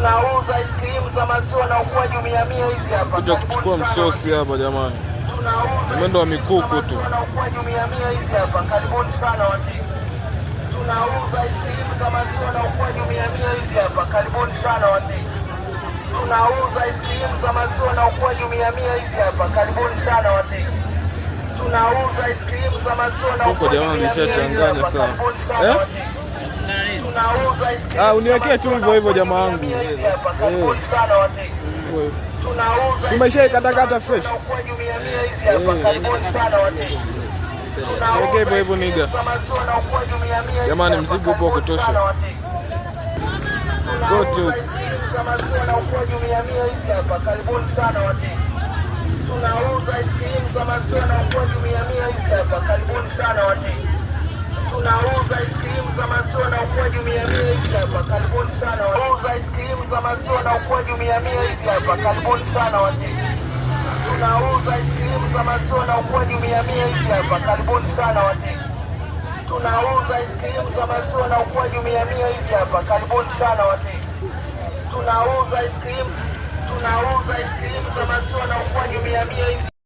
tunauza iskrimu za maziwa na ukwaju mia mia hizi hapa. Kuja kuchukua msosi hapa jamani, mwendo wa mikuku tu na ukwaju mia mia hizi hapa. Karibuni sana watii, tunauza iskrimu za maziwa na ukwaju mia mia hizi hapa. Karibuni sana watii, tunauza iskrimu za maziwa na ukwaju mia mia hizi hapa. Karibuni sana watii tunauza iskrimu za maziwa na ukwaju mia mia hizi hapa. Karibuni sana watii. Soko jamani, nishachanganya sana eh tunauza Ah, uniwekee tu hivyo hivyo jamaa wangu. Tumesha ikatakata fresh. Weke hivyo hivyo niga. Jamani, mzigo upo kutosha. Go to tunauza iskrimu za maziwa na ukwaju mia mia hapa. Karibuni sana wateja, tunauza za maziwa na ukwaju mia mia hizi hapa, karibuni sana. Wanauza iskrimu za maziwa na ukwaju mia mia hizi hapa, karibuni sana wateja. Tunauza iskrimu za maziwa na ukwaju mia mia hizi hapa, karibuni sana wateja. Tunauza iskrimu za maziwa na ukwaju mia mia hizi hapa, karibuni sana wateja. Tunauza iskrimu, tunauza iskrimu za maziwa na ukwaju mia mia hizi